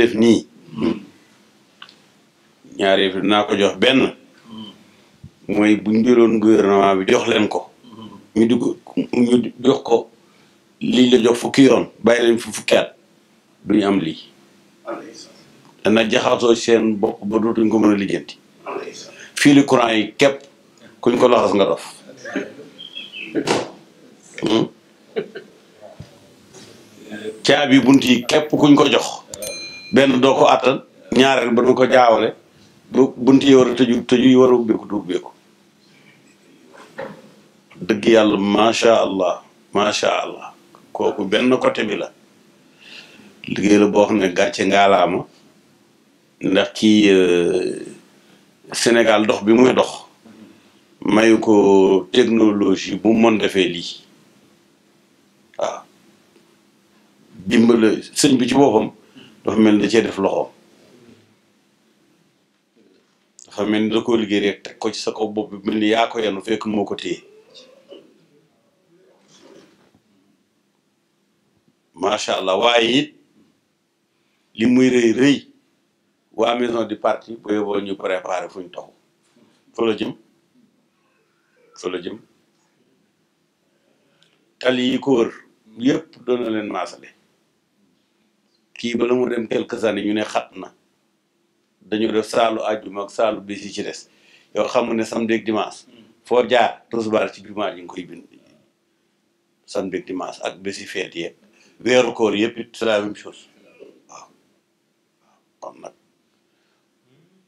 def nii ñaari yëf naa ko jox benn mooy bu ñu jëloon gouvernement bi jox leen ko ñu di jox ko lii la jox fukki yoon bàyyi leen fi fukki at duñu am lii dana jaxasoo seen bopp ba dootuñ ko mën a yi képp kuñ ko laxas nga dof hmm? caabi bunt yi képp kuñ ko jox benn doo ko attan ñaareel ba du ko jaawale bu bunt yi war a tëju tëju yi war a du ubbeeku dëgg yàlla macha allah macha allah kooku benn côté bi la liggéey la boo xam ne gàcce ngaalaama ndax kii euh, Sénégal dox bi muy dox mayu ko technologie bu mën defee lii waaw dimbale sëñ bi ci boppam dafa mel ni da cee def dafa mel ni da koo liggéey rek teg ko ci sa kaw bopp bi mel ni yaa ko yenu fekk moo ko téye allah waaye it li muy rëy rëy waa maison du parti bu yóbboo ñu préparé fu taxu fa jëm fa jëm tali yi ko wër yépp doon kii bala mu dem quelques années ñu ne xat na dañoo def saalu àjjuma ak saalu bis yi ci des yow xam nga ne samedi ak dimanche foo jaar tosbaar ci jumaa ji nga koy bind samedi ak ak bis yi feet yeeg weeru koor yëpp it la même chose waaw nag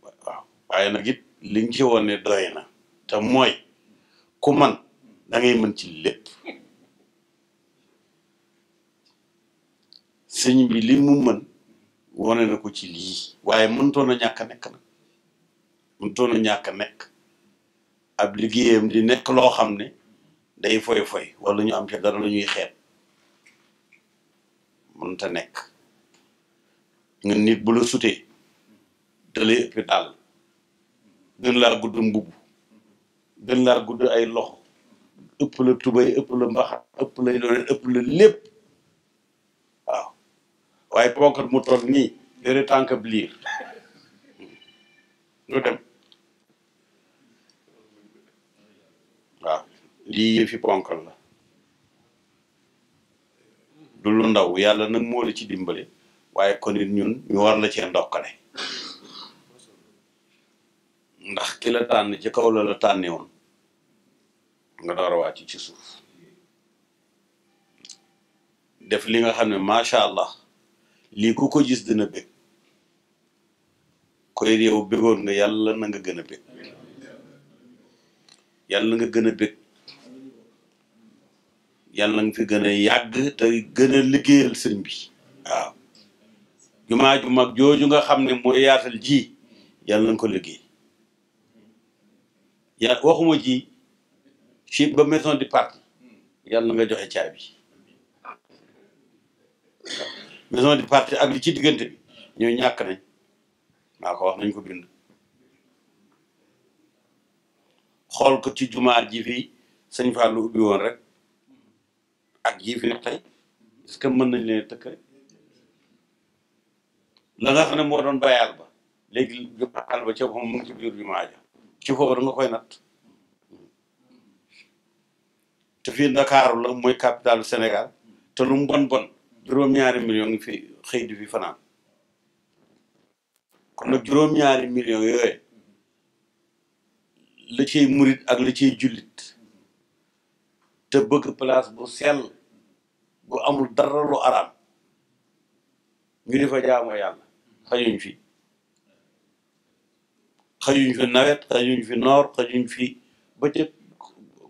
waaw waaye nag it liñ ci woon ne doy na te mooy ku man da ngay mën ci lépp sëñ bi li mu mën wane na ko ci lii waaye mënutoon a ñàkk a nekk nag mënutoon ñàkk nekk ab liggéeyam di nekk loo xam ne day foy-foy wala ñu am ca dara lañuy xeet mënut a nekk nga nit bu la sutee da lay ëpp daal gën laa gudd mbubb gën laa gudd ay loxo ëpp la tubay ëpp la mbaxat ëpp la leneen ëpp la lépp waaye ponkar mu toll nii dere tànk bliir lu dem waaw lii yëfi ponkal la du lu ndaw yàlla nag moo la ci dimbale waaye kon it ñun ñu war la cee ndokkale ndax ki la tànn ci kaw la la tànne woon nga door a wàcc ci suuf def li nga xam ne macha allah lii ku ko gis dina bég koy yow bégoon nga yàlla na nga gën a bég yàlla nga gën a bég yàlla nga fi gën a yàgg te gën a liggéeyal sëñ bi waaw jumaa mag jooju nga xam ne mooy yaatal ji yàlla nga ko liggéey yaa waxuma ji ci ba maison du parti yàlla nga joxe caabi waaw maison du parti ak li ci diggante bi ñooy ñàkk nañ maa ko wax nañ ko bind xool ko ci jumaa ji fii sëñ ubbi woon rek ak ji fi ne tey est mën nañ leen tëkk rek la nga xam ne moo doon bayal ba léegi jumaal ba ca boppam mu ngi ci biir jumaa ci foofu nga koy natt te fii Ndakaaru la mooy capitale Sénégal te lu bon juróom-ñaari million fi xëy di fi fanaan kon nag juróom-ñaari million yooyu la ciy murit ak la jullit te bëgg place bu sell bu amul dara lu araam ñu di fa yàlla xajuñ fi xajuñ fi nawet xajuñ fi noor xajuñ fi bëccëg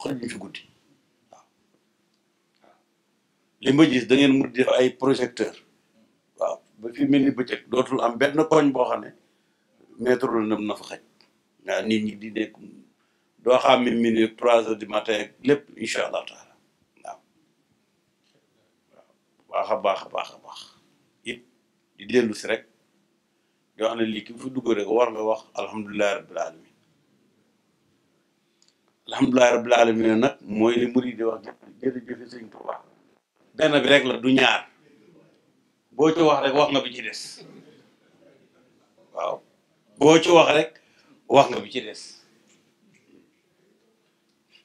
xajuñ fi guddi li ma gis da ngeen mujj def ay projecteur waaw ba fi mel ni dootul am benn koñ boo xam ne mètre la nam na fa xaj waaw nit ñi di nekk doo xam ne minute trois heures du matin lépp incha allah taala waaw waaw baax a baax baax a baax it di dellu si rek yoo xam ne lii ki fi dugg rek war nga wax alhamdulilahi rabbil alamin alhamdulilahi rabbil alamin nag mooy li murid di wax jërëjëf sëñ Tuubaa benn bi rek la du ñaar boo ci wax rek wax nga bi ci des waaw boo ci wax rek wax nga bi ci des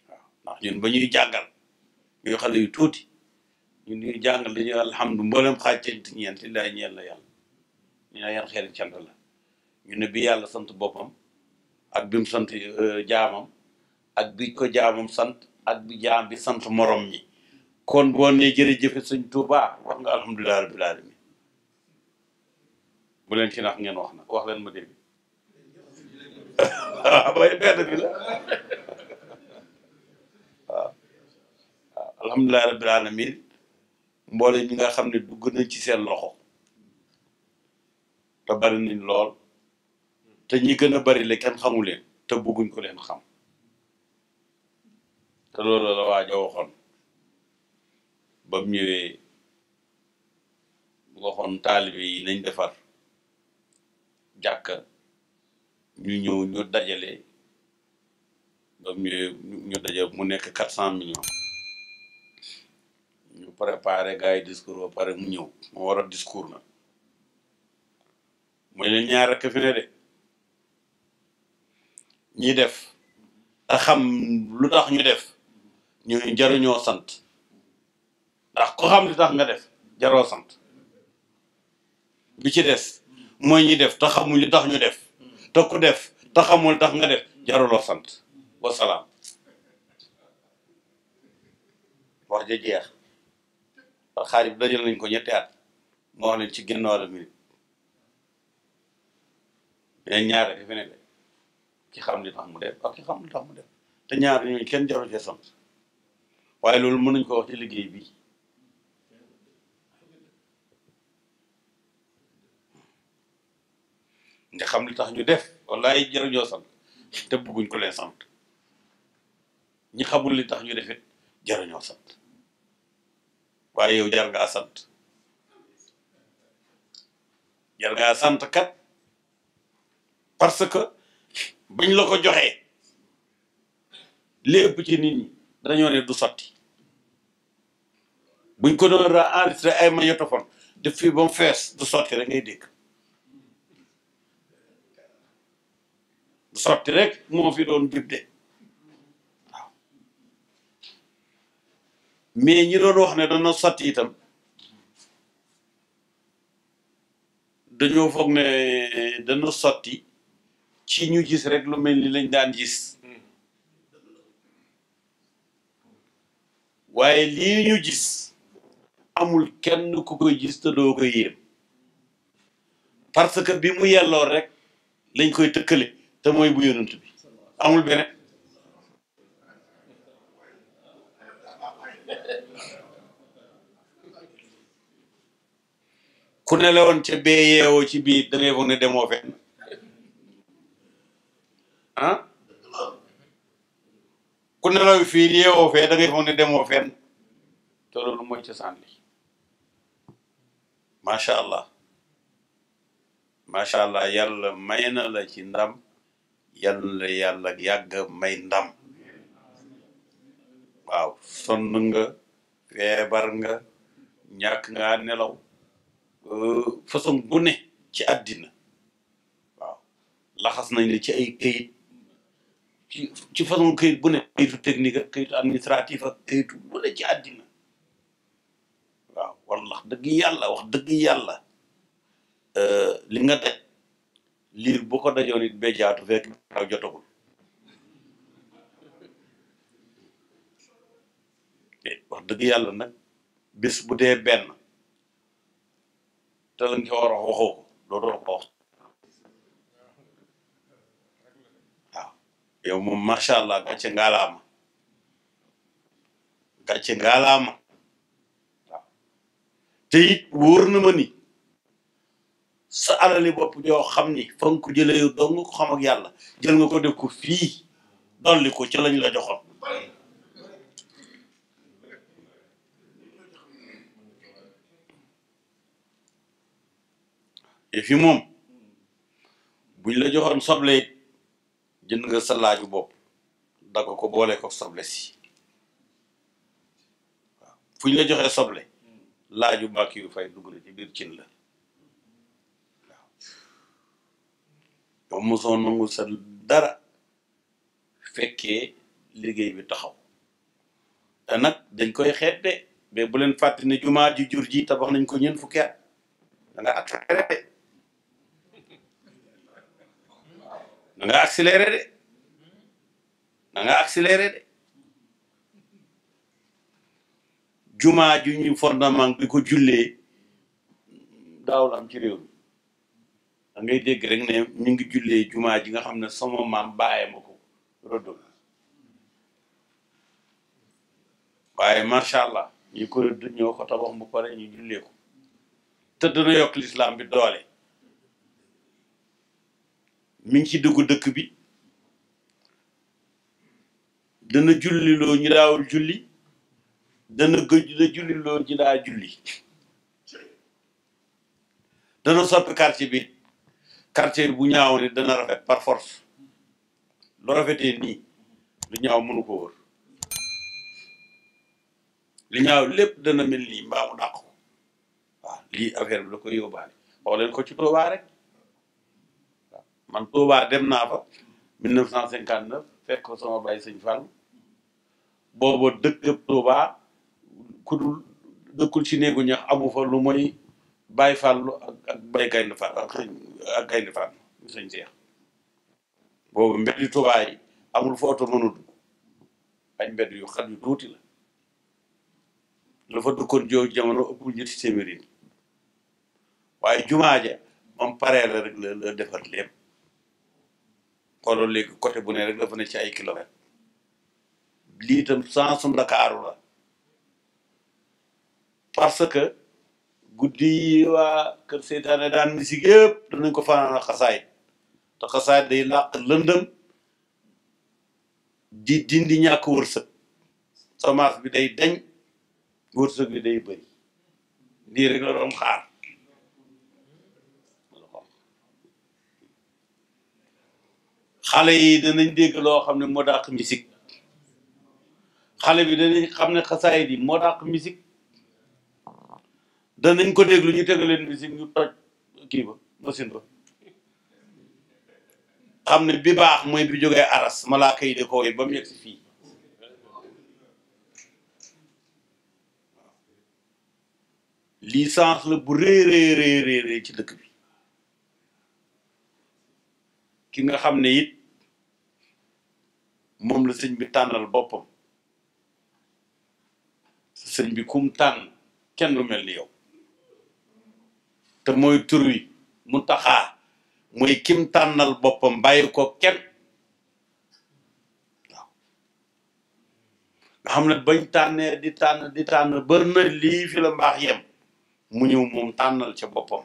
waaw ndax ñun ba ñuy jàngal ñuy xale yu tuuti ñu ñuy jàngal dañuy alhamdu mboolem xaajcent ñeent lillaay ñeel la yàlla ñu ne yan xeeti cant la ñu ne bi yàlla sant boppam ak bi sant euh, jaamam ak bi ko jaamam sant ak bi jaam bi sant morom ñi kon boo nee jërëjëfe sëñ baax wax nga alhamdulilah rabbil alamin bu leen ci nax ngeen wax wax leen ma dégg waaw bay mboole ñi nga xam ne dugg nañ ci seen loxo te bari nañ lool te ñi gën a bari la kenn xamu leen te bëgguñ ko leen xam te loolu la waaj a ba mu ñëwee bu waxoon taalibe yi nañ defar jàkka ñu ñëw ñu dajale ba mu ñëwee ñu dajale mu nekk quatre cent millions ñu prépare gars yi discours ba pare mu ñëw mu war a discours na mooy leen ñaar rekk fi ne de ñi def te xam lu tax ñu def ñu jaruñoo sant ndax ko xam li tax nga def jaroo sant bi ci des mooy ñi def te xamuñ li tax ñu def te ku def te xamul tax nga def jaruloo sant wasalaam wax ja bi dajal nañ ko ñetti at ma wax ci genn wàllu minute mais ñaare fi ne de xam li tax mu def ak te ñaar ñooñu kenn jaru cee sant waaye loolu mënuñ ko wax ci liggéey bi nga xam li tax ñu def wallaay ay ñoo sant te bëgguñ ko leen sant ñi xamul li tax ñu def it jërë sant waaye yow jar ngaa sant jar ngaa sant kat parce que bañ la ko joxee lépp ci nit ñi dañoo ne du sotti buñ ko doon enregistré ay magnétophone def fii ba mu fees du sotti rek ngay dégg sotti rek moo fi doon jub de waaw mais ñi doon wax ne dana sotti itam dañoo foog ne dana sotti ci ñu gis rek lu mel ni lañ daan gis waaye lii ñu gis amul kenn ku koy gis te doo ko yéem parce que bi mu yelloo rek lañ koy tëkkale te mooy bu yonent bi amul beneen ku ne la woon ca bee yeewoo ci biir da foog ne demoo fenn ah ku ne la fii yeewoo fee da ngay foog ne demoo fenn te loolu mooy ca sànni macha allah macha allah yàlla may na ci ndam. yàlla yàlla yàgg may ndam waaw sonn nga feebar nga ñàkk ngaa nelaw façon bune ci àddina waaw laxas nañ la ci ay këyit ci ci façon këyit bu ne technique ak këyitu administratif ak ci àddina waaw wala dëgg yàlla wax dëgg yàlla euh, li liir bu ko dajoon it béjaatu fekk aw jotagul wax dëgg yàlla nag bis bu dee benn te la nga war a waxoo ko dootoo ko wax moom macha allah gàcce ngaalaama gàcce ngaalaama waaw te it wóor na ma sa alali bopp yoo xam ni fa nga ko jëlee yow dong ko xam ak yàlla jël nga ko def ko fii dolli ko ci lañ la joxoon et fi moom buñ la joxoon soble it nga sa laaju bopp dagg ko boole ko soble si waaw fuñ la joxee soble laaju bàkk yu fay dugg na ci biir cin la ba mosoo nangu sa dara fekkee liggéey bi taxaw te nag dañ koy xeet de mais bu leen fàtte ne jumaa ji jur ji tabax nañ ko ñeent fukki at da nga accéléré de da nga accéléré de da ju ñu fondement bi ko jullee daaw la am ci réew dangay ngay dégg rek ne mi ngi jullee jumaa ji nga xam ne sama maam bàyyee ma ko rëddul waaye macha allah ñi ko rëdd ñoo ko tabax mu pare ñu jullee ko te dana yokk lislaam bi doole mu ngi ci dugg dëkk bi dana julliloo ñu daawul julli dana gëj da julliloo ñu daa julli dana soppi quartier bi quartier bu ñaaw ni dana rafet par force lu rafetee nii lu ñaaw mënu ko wër li ñaaw lépp dana mel lii mbaa mu lii affaire bi da koy yóbbaale wax leen ko ci Touba rek man Touba dem naa fa 1959 fekk ko sama bàyyi sëñ Fall booba dëkk Touba ku dul dëkkul ci néegu ñax abu fa lu mooy Baye Fallou ak ak Baye Gaynde Fall ak Seex boobu mbedd yu amul fa oto mënu dugg ay mbedd yu xat yu tuuti la la fa dëkkoon jooju jamono ëppul ñetti téeméeri waaye jumaa ja moom paree rek la defar lépp xoolal léegi côté bu ne rek dafa ne ci ay kilomètres lii itam sensum Ndakaaru la parce que guddi yi waa kër seytaane daan misik yëpp danañ ko fanaan xasaayit te xasaayit day làq lëndëm di dindi ñàkk wërsëg semence bi day dañ wërsëg bi day bëri lii rek la xaar xale yi danañ dégg loo xam ne moo dàq misik xale bi danañ xam ne xasaayit yi moo dàq misik danañ ko déglu ñu teg leen musique ñu toj kii ba machine ba xam ne bi baax mooy bi jógee aras malaaka yi di ko woy ba mu yegg si fii licence la bu rëy ci dëkk bi ki nga xam ne it moom la sëñ bi tànnal boppam sëñ bi kum tànn kenn lu mel ni yow te mooy tur mu muntaxaa mooy kim tànnal boppam bàyyi ko kenn nga xam ne bañ tànnee di tànn di tànn bër na lii la mbaax yem mu ñëw moom tànnal ca boppam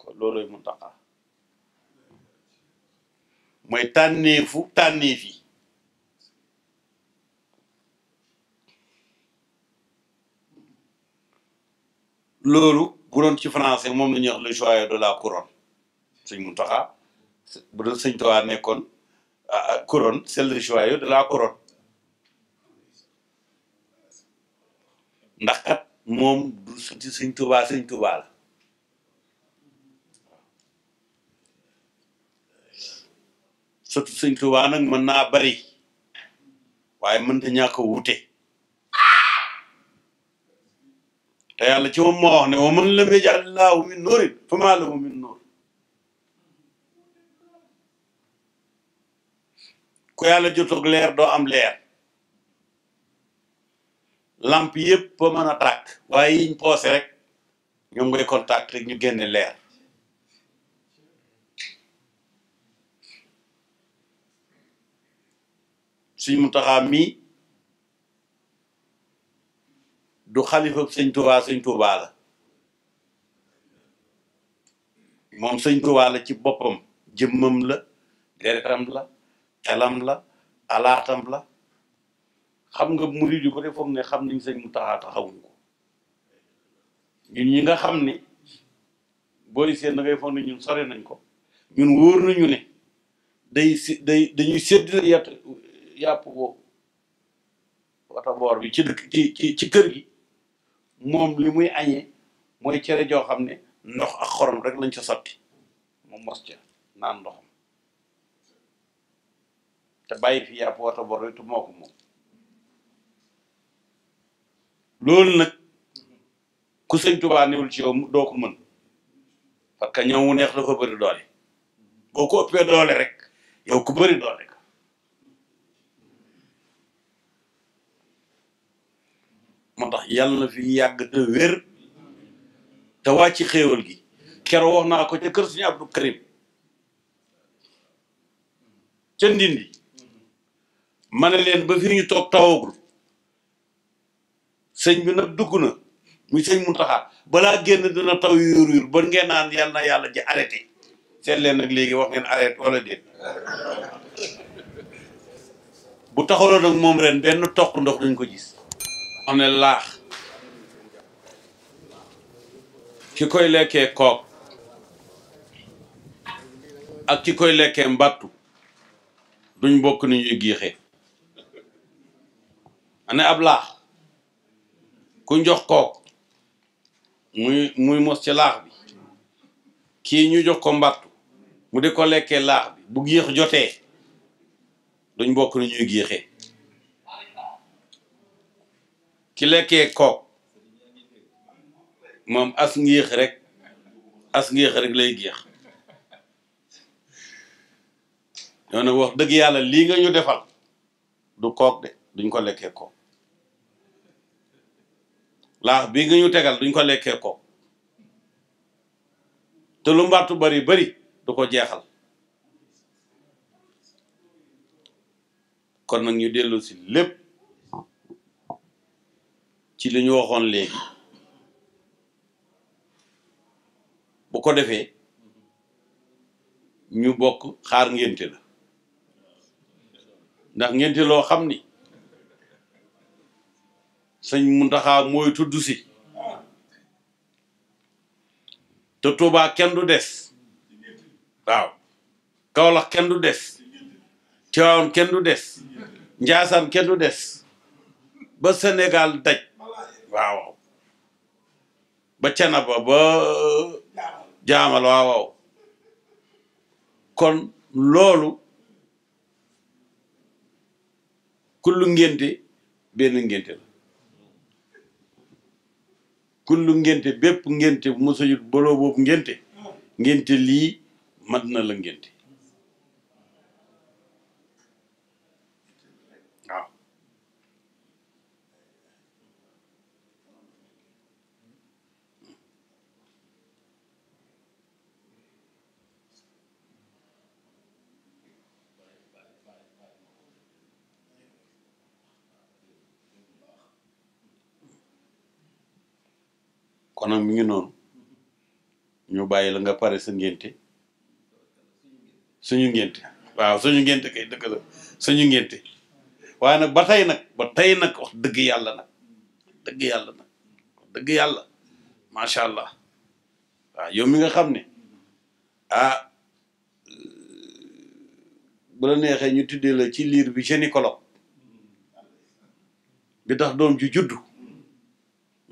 kon looloy muntaxaa mooy tànneefu tànneef yi loolu bu ci français moom la ñuy wax le joyau de la couronne sëñ Mountakha bu doon sëñ Tuubaa nekkoon ah, ah, couronne c'est le joyau de la couronne ndax kat moom du suti sëñ Tuubaa sëñ Tuubaa la surtout sëñ Tuubaa nag mën naa bari waaye mënta ñàkk a wuute te yàlla ci moom moo wax ne wa man lam yaj'al llaahu min nuurin fa maa lahu min nuur ku yàlla jotug leer doo am leer lamp yëpp a mën a tàkk waaye yiñ poose rek ñoom ngay contact rek ñu génne leer suñ mu taxaa mii du xalifa sëñ Touba sëñ Touba moom sëñ Touba ci boppam jëmmam la deretam la xelam la alaatam la xam nga murid yu bari foog ne xam nañ sëñ Muntaxa taxawuñ ko ñun ñi nga xam ne booy seet da ngay foog ne ñun sore nañ ko ñun wóor nañu ne day si day sédd yàpp yàpp wata boor bi ci dëkk ci kër gi moom li muy añee mooy cere joo xam ne ndox a xorom rek lañ ca sotti mu mos ca naan ndoxam te bàyyi fi yàpp wata bor tu moo ko moom loolu nag ku sëñ Tuubaa newul ci yow doo ko mën parce que ñam wu neex dafa bëri doole boo ko ëppee doole rek yow ku bëri doole moo tax yàlla na fi yàgg te wér te wàcc xéewal gi keroog wax naa ko ca kër suñu Abdou Karim ca Ndindi ma ne leen ba fii ñu toog tawagul sëñ bi nag dugg na muy sëñ mu Muntaxa balaa génn dina taw yuur yuur ba ngeen naan yàlla na yàlla ji arrêté seet leen nag léegi wax ngeen arrêté wala déet bu taxaloon nag moom ren benn toq ndox duñ ko gis xam ne laax ki koy lekkee kook ak ki koy lekke mbattu duñ bokk ni ñuy giixee ane ab laax ku jox kook muy muy mos ci bi kii ñu jox ko mbattu mu di ko lekkee laax bi bu giix jotee duñ bokk ni ñuy giixee ki lekkee kook moom as ngéex rek as ngéex rek lay géex ñoo wax dëgg yàlla lii nga ñu defal du kook de duñ ko lekkee kook laax bii nga ñu tegal duñ ko lekkee kook te lu mbattu bari bari du ko jeexal kon nag ñu dellu lépp ci li ñu waxoon léegi bu ko defee ñu bokk xaar ngénte la ndax ngénte loo xam ni sëñ Muntaxa mooy tudd si te Tuubaa kenn du des waaw Kawlax kenn des Tiwaawan kenn du des Njaasaan kenn des ba Sénégal daj waawaw ba canaba ba jaamal waaw kon loolu kullu ngénte benn ngénte la kullu ngénte bépp ngénte bu mosajut boloo boobu ngénte ngénte lii mat nala la kon nag mi ngi noonu ñu bàyyi la nga pare sa ngénte suñu ngénte waaw suñu ngénte kay dëgg la suñu ngénte waaye nag ba tey nag ba tey nag wax dëgg yàlla nag dëgg yàlla wax dëgg yàlla macha allah waaw yow mi nga xam ne ah bu la neexee ñu tuddee la ci liir bi gynécologue bi tax doom ju juddu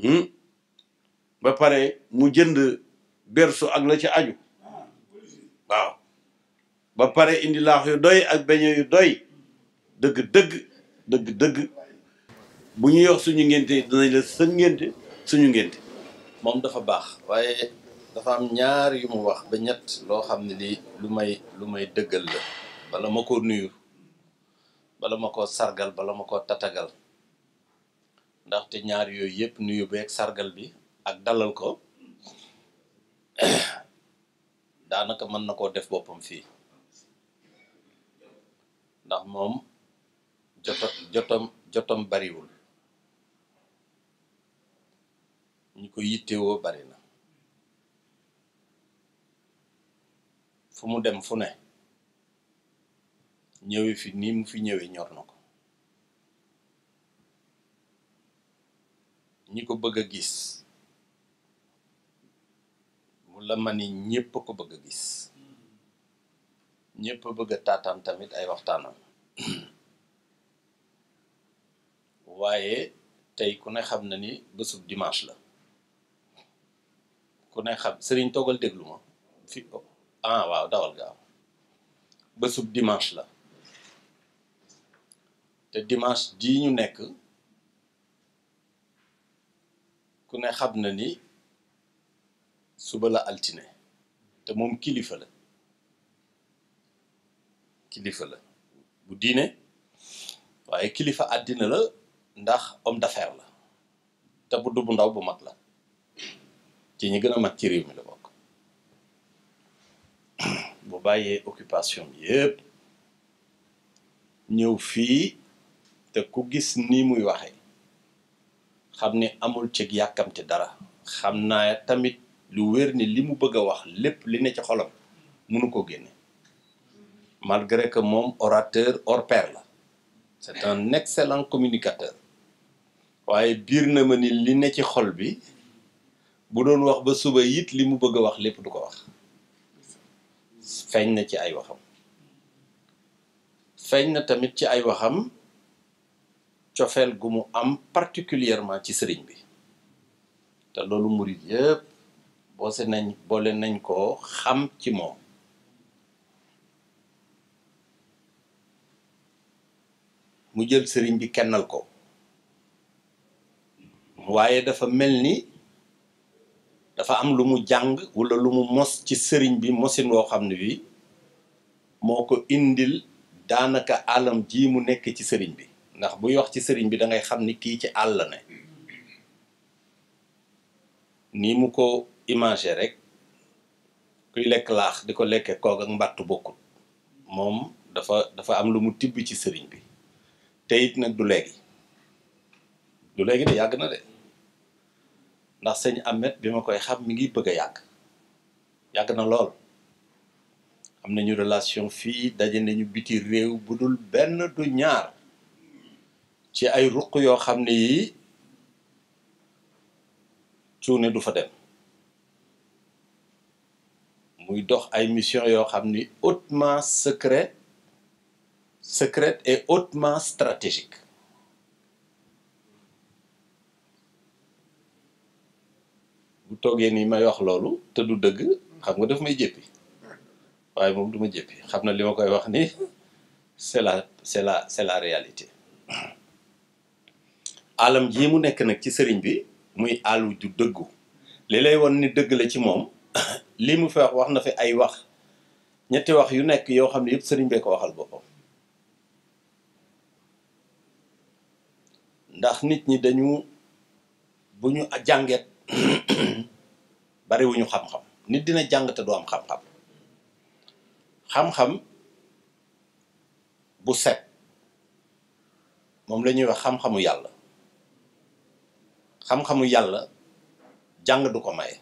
hmm? ba pare mu jënd bersu ak la ci aju waaw ba pare indi laax yu doy ak beñe yu doy dëgg dëgg dëgg dëgg bu ñu yox suñu ngénte dinañ la seen ngénte suñu ngénte moom dafa baax waaye dafa am ñaar yu mu wax ba ñett loo xam ne lii lu may lu may dëggal la bala ma ko nuyu bala ma ko sargal bala ma ko tatagal ndaxte ñaar yooyu yëpp nuyu beeg sargal bi ak dalal ko daanaka mën na koo def boppam fii ndax moom joto jotom bariwul ñu ko yittewoo bari na fu mu dem fu ne ñëwee fi nii mu fi ñëwee ñor na ko ñi ko bëgg a gis wala ma ni ñëpp ko bëgg a gis ñëpp bëgg a taataan tamit ay waxtaanam waaye tey ku ne xam na ni bësub dimanche la ku ne xam sëriñ toogal déglu ma fi ah waaw dawal gaaw bésub dimanche la te dimanche jii ñu nekk ku ne xam na ni suba la altine te moom kilifa la kilifa la bu diine waaye kilifa àddina la ndax homme d'affaires la te bu du bu ndaw bu mag la ci ñi gën a mag ci réew mi la bokk bu bàyyee occupation bi ñëw fii te ku gis ni muy waxee xam ni amul ci yàkkamte dara xam naa tamit lu wér ni li mu bëgg wax lépp li ne ci xolam mënu ko génne malgré que moom orateur hors pair la c'est un excellent communicateur waaye biir na ma ni li ne ci xol bi bu doon wax ba suba yit li mu bëgg a wax lépp du ko wax feeñ na ci ay waxam feeñ na tamit ci ay waxam cofeel gu mu am particulièrement ci sëriñ bi te loolu murit yëpp boose nañ boole nañ koo xam ci moom mu jël sëriñ bi kennal ko waaye dafa mel ni dafa am lu mu jàng wala lu mu mos ci sëriñ bi mosin woo xam ne bi moo ko indil daanaka àllam ji mu nekk ci sëriñ bi ndax buy wax ci sëriñ bi dangay xam ni kii ci àll ne ni mu ko imagé rek kuy lekk laax di ko lekkee koog ak mbàttu bokkut moom dafa dafa am lu mu tibb ci sëriñ bi te it nag du léegi du léegi de yàgg na de ndax sëñ Ahmed bi ma koy xam mi ngi bëgg a yàgg yàgg na lool am nañu relation fii daje nañu biti réew bu dul benn du ñaar ci ay ruq yoo xam ne yii cuune du fa dem muy dox ay mission yoo xam ni hautement secret secrète et hautement stratégique bu toogee nii may wax loolu te du dëgg xam nga daf may jéppi waaye moom du ma jéppi xam na li ma koy wax ni c'est la c'est la c'est réalité alam jii mu nekk nag ci sëriñ bi muy àllu ju dëggu li lay won ni dëgg la ci moom lii mu fi wax wax na fi ay wax ñetti wax yu nekk yoo xam ne yëpp sëriñ bee ko waxal boppam ndax nit ñi dañu bu ñu jànget bariwuñu xam-xam nit dina jàng te du am xam-xam xam-xam bu set moom la ñuy wax xam-xamu yàlla xam-xamu yàlla jàng du ko may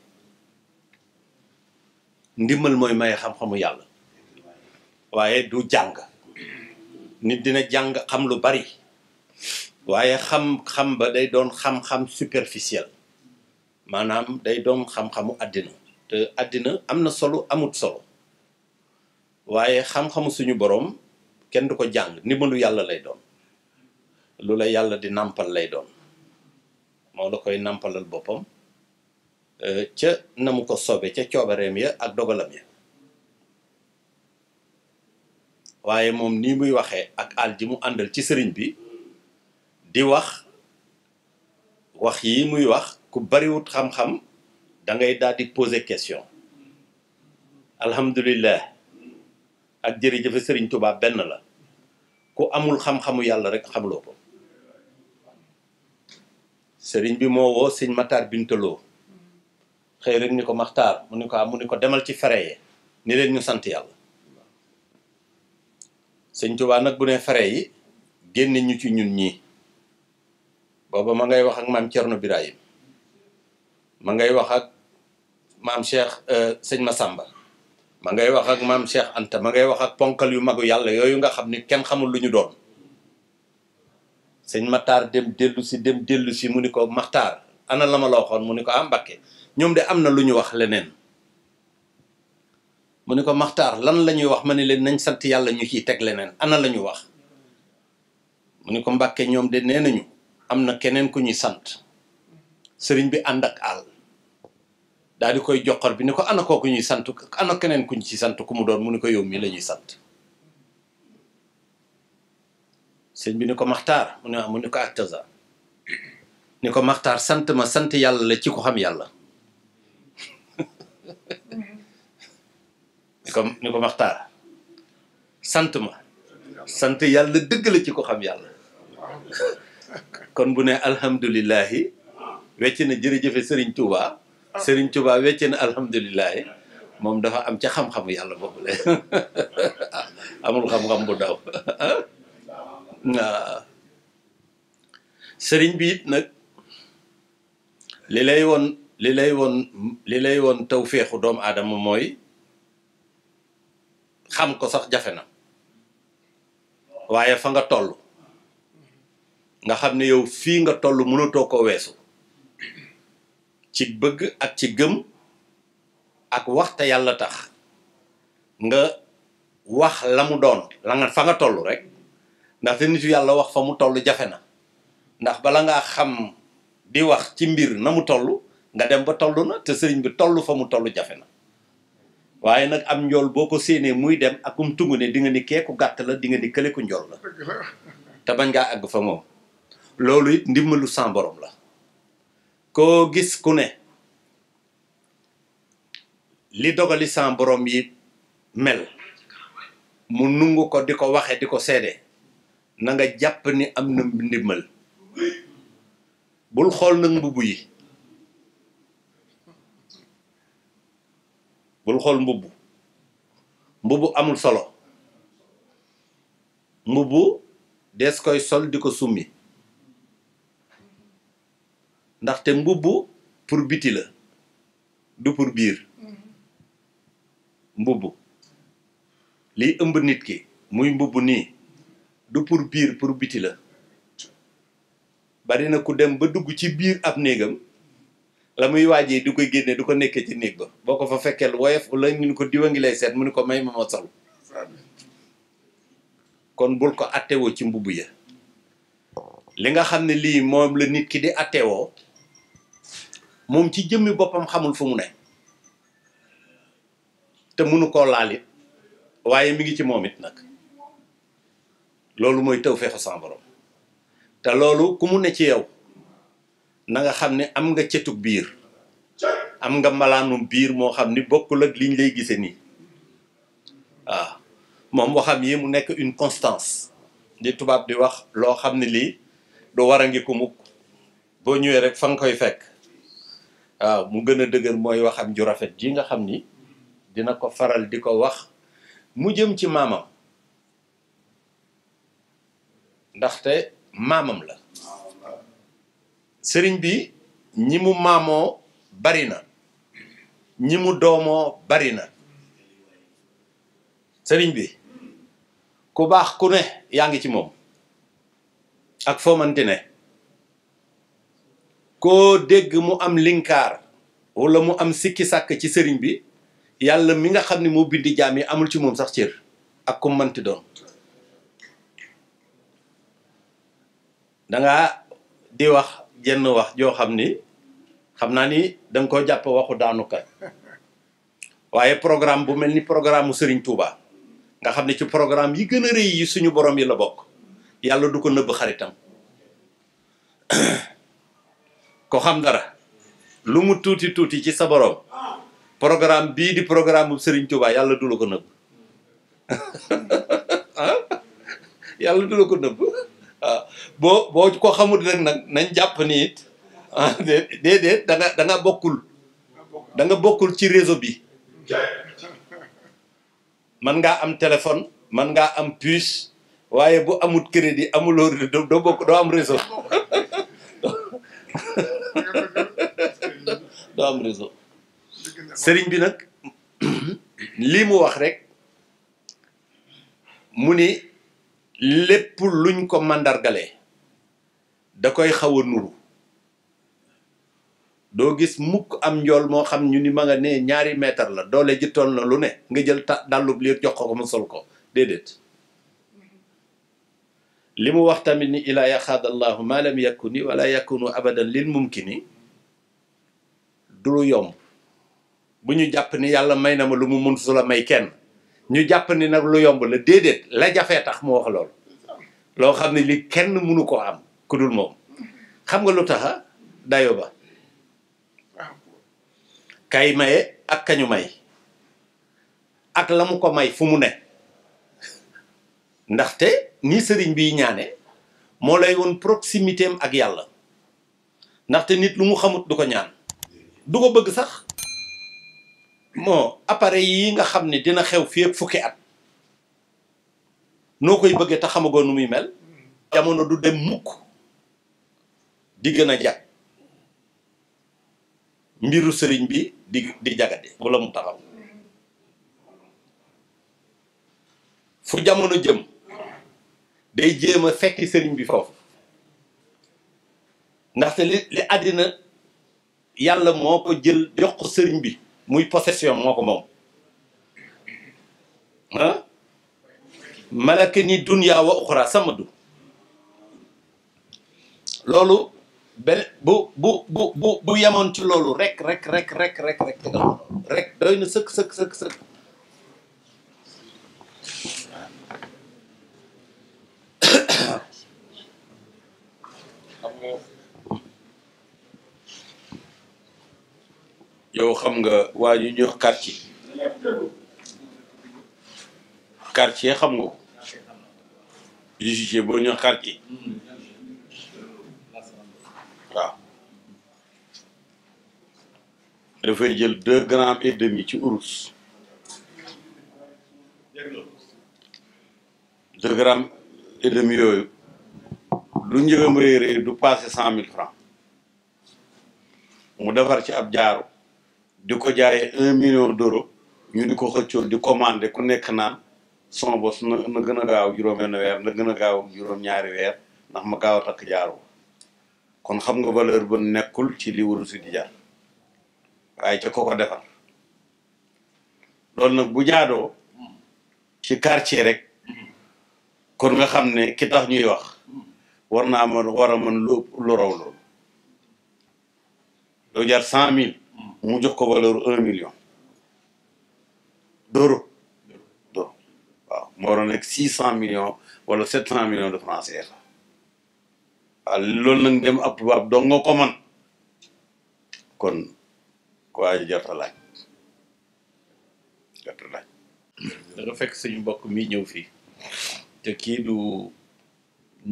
ndimbal mooy maye xam-xamu yàlla waaye du jàng nit dina jàng xam lu bari waaye xam-xam ba day doon xam-xam superficiel maanaam day doon xam-xamu àddina te àddina am na solo amut solo waaye xam-xamu suñu boroom kenn du ko jàng ndimbalu yàlla lay doon lu la yàlla di nàmpal lay doon moo la koy nàmpalal boppam E, ca na mu ko sobe ca coobareem ya ak dogalam ya waaye moom nii muy waxee ak alji mu àndal ci sëriñ bi di wax wax yi muy wax ku bariwut xam-xam da ngay daal question alhamdulilah ak jërëjëf sëriñ tubaab benn la ku amul xam-xamu yàlla rek xamloo ko sëriñ bi moo woo sëñ Matar Bintaloo xëy rek ni ko maxtaar mu ne ko mu ni ko demal ci fere yi ni leen nu sant yàlla sëñ Tuubaa nag bu ne fere yi génne ñu ci ñun ñii booba ma ngay wax ak maam Cerno Birahim ma ngay wax ak maam Cheikh euh, sëñ Massamba ma ngay wax ak maam Cheikh Anta ma ngay wax ak ponkal yu magu yàlla yooyu nga xam ni kenn xamul lu ñu doon sëñ mataar dem dellu si dem dellu si mu ni ko Maxtaar ana la ma la mu ne ko ah Mbàkke ñoom de am na lu ñu wax leneen mu ne ko maxtaar lan la ñuy wax ma ne leen nañ sant yàlla ñu ciy teg leneen ana la ñu wax mu ne ko mbàkke ñoom de nee nañu am na keneen ku ñuy sant sëriñ bi ànd ak àll daal di koy joxor bi ni ko ana kooku ñuy sant ana keneen ku ñu ci sant ku mu doon mu ne ko yow mii la ñuy sant sëriñ bi ni ko maxtaar mu ne ah, mu ne ko aktaza ni ko maxtaar sant ma sant yàlla la ci ko xam yàlla comme ni ko maxtaar sant ma sant yàlla dëgg la ci ko xam yàlla kon bu ne alhamdulilahi wecc na jërëjëfe sëriñ Tuubaa sëriñ Tuubaa wecc na alhamdulilahi moom dafa am ca xam-xamu yàlla boobu amul xam-xam bu daw sëriñ bi it nag li lay woon li lay woon li lay woon tawféexu doomu aadama mooy xam ko sax jafe na waaye fa nga tollu nga xam ne yow fii nga toll mënatoo ko weesu ci bëgg ak ci gëm ak waxta yàlla tax nga wax lamu doon la nga fa nga tollu rek ndax te nitu yàlla wax fa mu toll jafe na ndax bala ngaa xam di wax ci mbir na mu toll nga dem ba toll na te sëriñ bi tollu fa mu toll jafe na waaye nag am njool boo ko séenee muy dem ak um tungu ne di nga ni keeku gàtt la di ni kële ku njool la te bañ àgg fa moom loolu it ndimbalu sans borom la koo gis ku ne li dogali sans borom yi mel mu nungu ko di ko waxe di ko seede nanga jàpp ni am na ndimbal bul xool nag mbubb yi bul xool mbubb mbubb amul solo mbubb des koy sol di ko summi ndaxte mbubb pour biti la du pour biir mbubb liy ëmb nit ki muy mbubb nii du pour biir pour biti la bari na ku dem ba dugg ci biir ab néegam la muy waajee du ko génne du ko nekkee ci néeg ba boo ko fa fekkee lu woyof la ñu ko diwa ngi lay seet mu ne ko may ma kon bul ko attewoo ci mbubb ya li nga xam ne lii moom la nit ki di attewoo moom ci jëmmi boppam xamul fu mu ne te mënu koo laalit waaye mi ngi ci moom it nag loolu mooy tawfeexu sa borom te loolu ku mu ne ci yow nanga xam ne am nga cetug biir am nga malaanum biir moo xam ni bokkul ak liñ lay gisee nii waaw moom waxam yi mu nekk une constance di tubaab di wax loo xam ne lii du war a ngi ko mukk boo ñëwee rek fa nga koy fekk waaw mu gën a dëgër mooy waxam ju rafet ji nga xam ni dina ko faral di ko wax mu jëm ci maamam ndaxte maamam la sëriñ bi ñi mu maamoo bari ñi mu doomoo bari na sëriñ bi ku baax ku ne yaa ngi ci moom ak foo manti ne koo dégg mu am linkaar walla mu am sikki sàkk ci sëriñ bi yàlla mi nga xam ni moo bindi jaam yi amul ci moom sax cër ak ku manti doon danga di wax jenn wax joo xam ni xam naa ni dang ko jàpp waxu daanukat waaye programme bu mel ni programme mu Serigne Touba nga xam ne ci programme yi gën a rëy yi suñu borom yi la bokk yàlla du ko nëbb xaritam ko xam dara lu mu tuuti tuuti ci sa borom programme bii di programme bu Serigne Touba yàlla du la ko nëbb ah? yàlla du la ko nëbb ah. bo boo ko xamul nag nag nañ jàpp ni it ah, bokkul da nga bokkul ci réseau bi man ngaa am téléphone man ngaa am puce waaye bu amul crédit amuloo doo bokk doo am réseau doo am réseau sëriñ bi nag lii mu wax rek mu ni lépp luñ ko màndargalee da koy xaw a nuru doo gis mukk am njool moo xam ñu ni ma nga ne ñaari meetar la doole ji na lu ne nga jël ta dàllub liir mu sol ko déedéet li mu wax tamit ni ilaa yaxaad allahu ma lam yakuni wala yakunu abadan lil mumkini du lu yomb bu ñu jàpp ni yàlla may na ma lu mu mun su la may kenn ñu jàpp ni nag lu yomb la déedéet la jafee tax mu wax lool loo xam ne li kenn mënu ko am ku dul moom xam nga lu taxa dayo ba kay maye ak kañu may ak la mu ko may fu mu ne ndaxte ni sëriñ bi ñaane moo lay woon proximité am ak yàlla ndaxte nit lu mu xamut du ko ñaan du ko bëgg sax moo appareil yi nga xam ne dina xew fii fukki at noo koy bëggee te xamagoo nu muy mel jamono du dem mukk di gën a jag mbiru sëriñ bi di di jagade wala mu taxaw fu jamono jëm day jéem a fekki sëriñ bi foofu ndaxte li li àddina yàlla moo ko jël jox sëriñ bi muy possession moo ko moom ah malaka ni dunya wa uxra sama du loolu benn bu bu bu bu bu yemoon ci loolu rek rek rek rek rek rek te loolu rek doy na sëkk sëkk sëkk yow xam nga waa ñu ñuy wax quartier quartier xam nga ko juge boo ñu quartier dafay jël deux grammes et demi ci urus deux grammes et demi yooyu lu njëgam réerée du passé cent mille francs mu defar ci ab jaaru di ko jaayee un million d'euros ñu di ko xëccoo di commandé ku nekk naan son bos na na gën a gaaw juróom-benn weer na gën a gaaw juróom-ñaari weer ndax ma gaaw takk jaaru kon xam nga valeur ba nekkul ci li wurus di jar waaye ca ko ko defar loolu nag bu jaadoo ci quartier rek kon nga xam ne ki tax ñuy wax war naa mën war a mën lu cent mille mu jox ko valeur un million d'euros d'euros waaw moo waroon nekk six cent million wala sept cent millions de francs CFA waaw loolu nag dem ab tubaab dong nga ko man kon ku aajo jarta laaj jarta laaj danga fekk suñu mbokk mi ñëw fii te kii du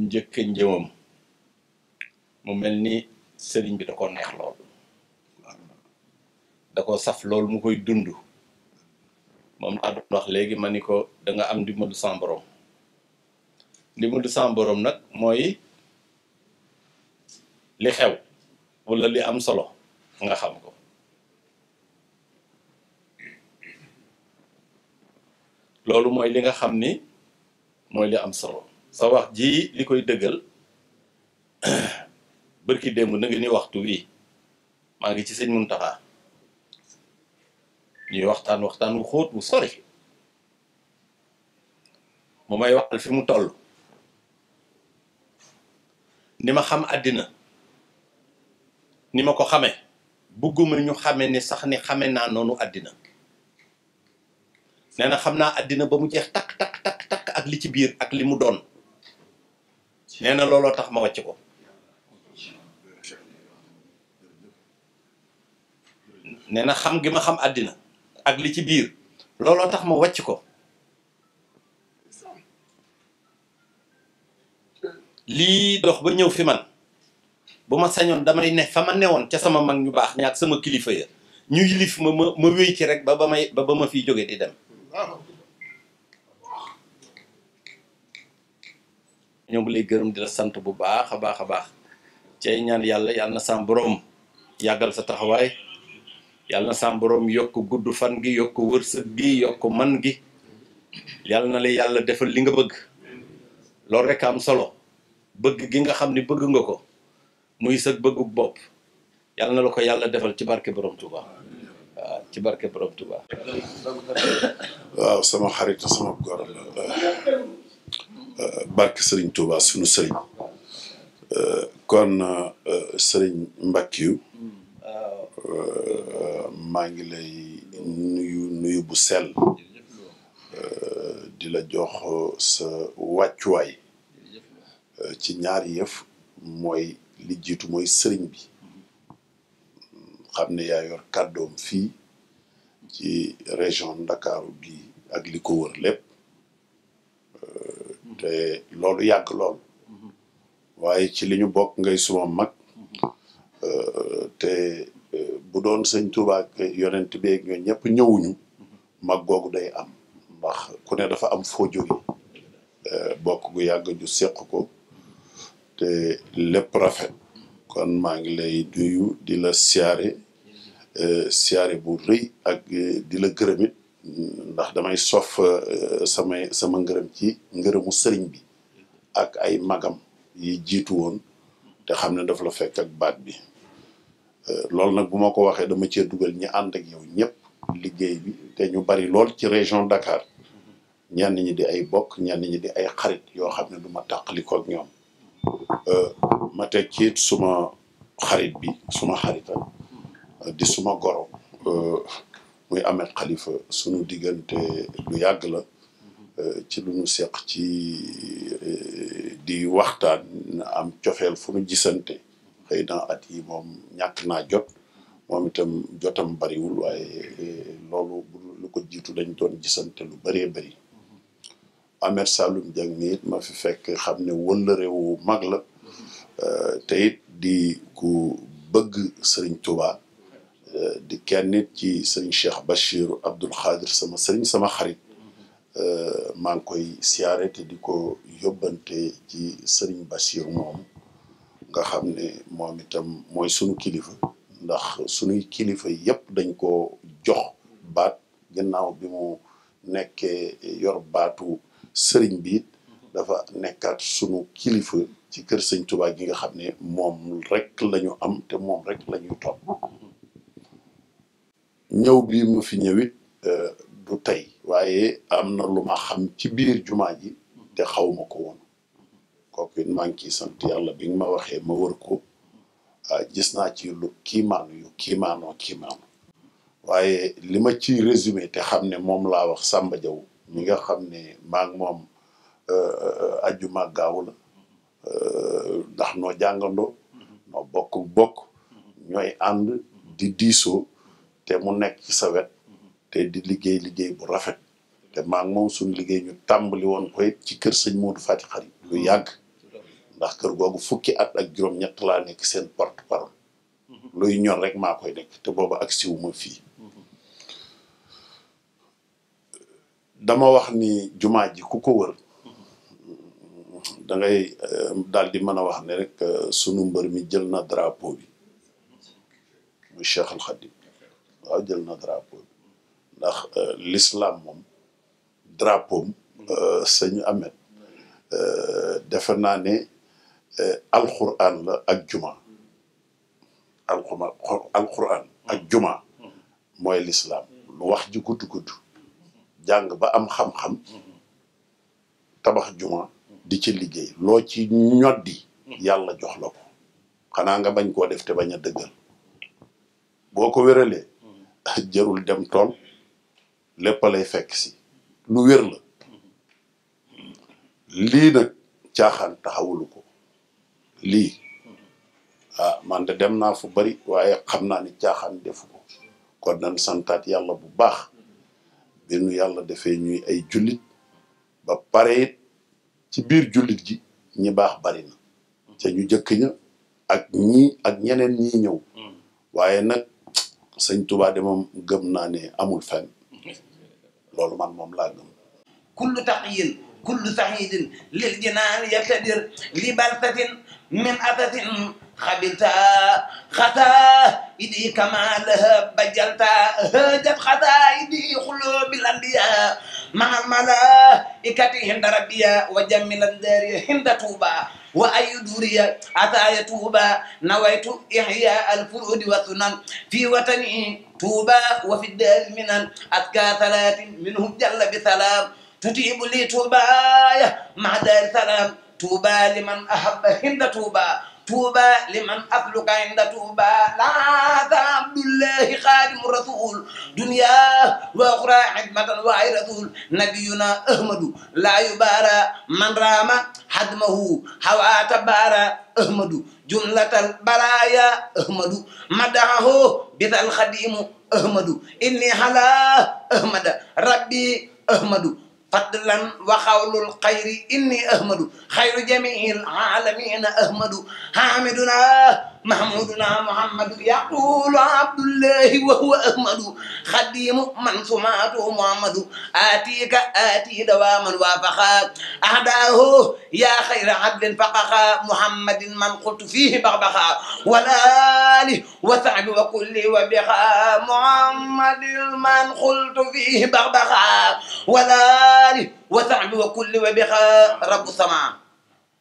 njëkk njëwam mu mel ni sëriñ bi da ko neex lool da ko saf lool mu koy dund moom laa doon wax léegi ma ni ko danga am ndimbalu sa borom ndimbalu sa borom nag mooy li xew wala li am solo nga xam ko loolu mooy li nga xam ni mooy li am solo sa wax ji li koy dëggal bërki démb na ni waxtu wi maa ngi ci sëñ Muntaxa ñuy waxtaan waxtaan wu xóot wu sori mu may waxal fi mu toll ni ma xam àddina ni ma ko xame bugguma ñu xame ni sax ni xame naa noonu àddina nee na xam naa àddina ba mu jeex takk takk takk takk ak li ci biir ak li mu doon nee na looloo tax ma wàcc ko nee na xam gi ma xam àddina ak li ci biir looloo tax ma wàcc ko lii dox ba ñëw fi man bu ma sañoon damay ne fa ma newoon ca sama mag ñu baax ñaak sama kilifa ya ñu yilif ma ma ma wéy ci rek ba ba may ba ba ma fiy jóge di dem ñoo ngi lay gërëm di la sant bu baax a baax a baax cay ñaan yàlla yàlla na sam borom yàggal sa taxawaay yàlla na sam borom yokk gudd fan gi yokk wërsëg gi yokk man gi yàlla na la yàlla defal li nga bëgg loolu rek am solo bëgg gi nga xam ni bëgg nga ko muy sa bëggu bopp yàlla na la ko yàlla defal ci barke borom Tuuba ci barke borom waaw sama xarit sama góor la euh, barke sëriñ Tuuba sunu sëriñ euh, kon euh, sëriñ Mbackiou maa ngi lay nuyu nuyu bu sell di la jox sa wàccuwaay ci ñaar yëf mooy li jiitu mooy sëriñ bi xam ne yaa yor kàddoom fii ci région Ndakaaru gi ak li ko wër lépp euh, te loolu yàgg lool waaye ci li ñu bokk ngay suma mag mhm. euh, te euh, bu doon sëñ Tuubaa ak yonent bi ak ñëpp ñëwuñu mhm. mag googu day am mbax ku ne dafa am foo jóge bokk gu yàgg ju séq ko te lépp rafet mhm. kon maa ngi lay duyu di la siyaare Euh, siyaare bu rëy ak euh, di la gërëmit ndax damay sof euh, samay sama ngërëm ci ngërëmu sëriñ bi ak ay magam yi jiitu woon te xam ne dafa la fekk ak baat bi loolu nag bu ma ko waxee dama cee dugal ñi ànd ak yow ñëpp liggéey bi te ñu bari lool ci région Dakar ñenn ñi di ay bokk ñenn ñi di ay xarit yoo xam ne duma ma tàqalikoo ak ñoom ma teg ci suma xarit bi suma xaritam di suma goro euh, muy Ahmed Khalifa sunu diggante lu yàgg la euh, ci lu ñu seq ci euh, di waxtaan am cofeel fu nu gisante xëy na at yi moom ñàkk naa jot moom itam jotam bariwul waaye loolu lu ko jiitu dañ doon gisante lu bari bëri Ahmed Saloum Dieng mi it ma fi fekk xam ne wëllëre wu mag la te di ku bëgg sëriñ Touba Euh, di kenn nit ci sëñ Cheikh Bachir Abdoul Khadir sama sëriñ sama xarit euh, maa ngi koy siyaare te di ko yóbbante ci sëriñ Bachir moom nga xam ne moom itam mooy sunu kilifa ndax sunuy kilifa yépp dañ ko jox baat gannaaw bi mu nekkee yor baatu sëriñ bi dafa nekkaat sunu kilifa ci kër sëñ Tuubaa gi nga xam ne moom rek lañu am te moom rek lañuy topp ñëw bi mu fi ñëwit euh, du tey waaye am na lu ma xam ci biir jumaa ji te xaw ma ko woon kooku it maa ngi ciy sant yàlla bi ma waxee ma wër ko ah, gis naa ci lu kiimaanu yu kiimaanoo kiimaanu waaye li ma ci résumé te xam ne moom laa wax Samba Diaw mi nga xam ne maa moom a euh, ajjuma gaaw la euh, ndax noo jàngando noo bokk bokk ñooy ànd di diisoo te mu nekk ci sa wet te di liggéey liggéey bu rafet te maa moom suñu liggéey ñu tàmbali woon ko ci kër sëñ Modou Fati Xari lu yàgg ndax kër googu fukki at ak juróom-ñett laa nekk seen porte parole luy ñor rek maa koy nekk te booba ak siw ma fii dama wax ni jumaa ji ku ko wër da ngay eh, di mën a wax ne rek eh, sunu mbër mi jël na drapeau bi muy Cheikh Al waaw jël na drapeau ndax euh, l'islam moom drapeau am mm. euh, Ahmed euh, defe naa ne alquran la ak juma alquma mm. juma mm. mooy l'islam lu wax ji gudd gudd ba am xam-xam tabax juma di ci liggéey loo ci ñoddi yàlla jox la xanaa nga bañ koo def te bañ a dëggal boo ko wéralee jarul dem tool lépp lay fekk si lu wér la lii nag caaxaan taxawulu ko lii ah man dem naa fu bari waaye xam naa ni caaxaan defu ko kon nañ santaat yàlla bu baax bi nu yàlla defee ñuy ay jullit ba pare it ci biir jullit ji ñi baax bari na ca ñu jëkk ña ak ñii ak ñeneen ñi ñëw hmm. waaye nag sëñ Touba de moom gëm naa amul fenn loolu man moom laa gëm. kullu taqiyin kullu saxiidin lil jinaan yaqtadir li baltatin min atatin xabita xata idi kama laha bajalta hajat xata idi xulubil anbiya maal malaikati hinda rabbiya wa jamilan daari hinda Touba wa ay duriya ataaya tuuba nawaytu ihya alfurudi wa sunan fi watani tuuba wa fi daari minan aska salaatin minhum jalla bi salaam tutiibu li tuubaaya ma daari salaam tuuba liman ahabba hinda tuuba tuuba liman asluka inda tuuba laata abdullahi xaadimu rasul dunya wa axra xidmatan waay rasul nabiyuna ahmadu laa yubaara man raama hadmahu hawaata baara ahmadu jumlatal baraaya ahmadu madaho bidal xadimu ahmadu inni hala ahmada rabbi ahmadu fadlan wa xawlul xayri inni ahmadu xayru jamiil aalamiina ahmadu hamiduna mahmuduna muhammadu yaqulu abdullahi wa huwa ahmadu xadimu man sumaatu muhammadu aatika aati dawaaman waafaqa ahdaahu yaa xayra abdin faqaqa muhammadin man qultu fiihi baxbaqa wala ali wa sahbi wa kulli wa biqa muhammadin man qultu fiihi baxbaqa walaali wa saxbi wa kulli wa bixa rabbu sama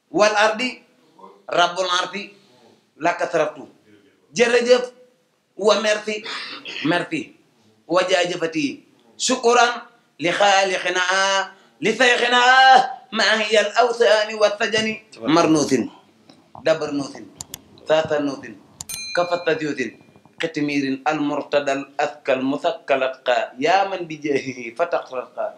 wal ardi rabbul ardi lakka saraftu jërëjëf wa merci merci wa jaajëfati sukuran li xaalixina li sayxina maa hiya al awsaani wa sajani marnuutin dabarnuutin saasarnuutin kafattasiutin xitimirin almurtadal askal musakkalat xaa yaa man bi jeexi fa taxsal xaa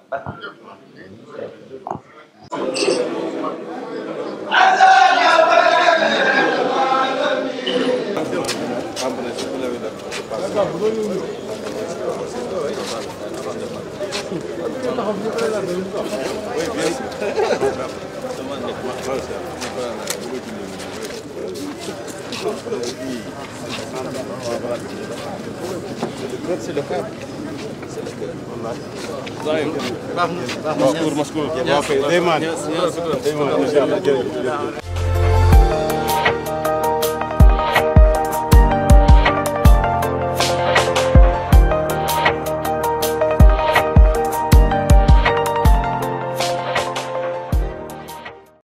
Thank you. C'est le cas. baax na baax na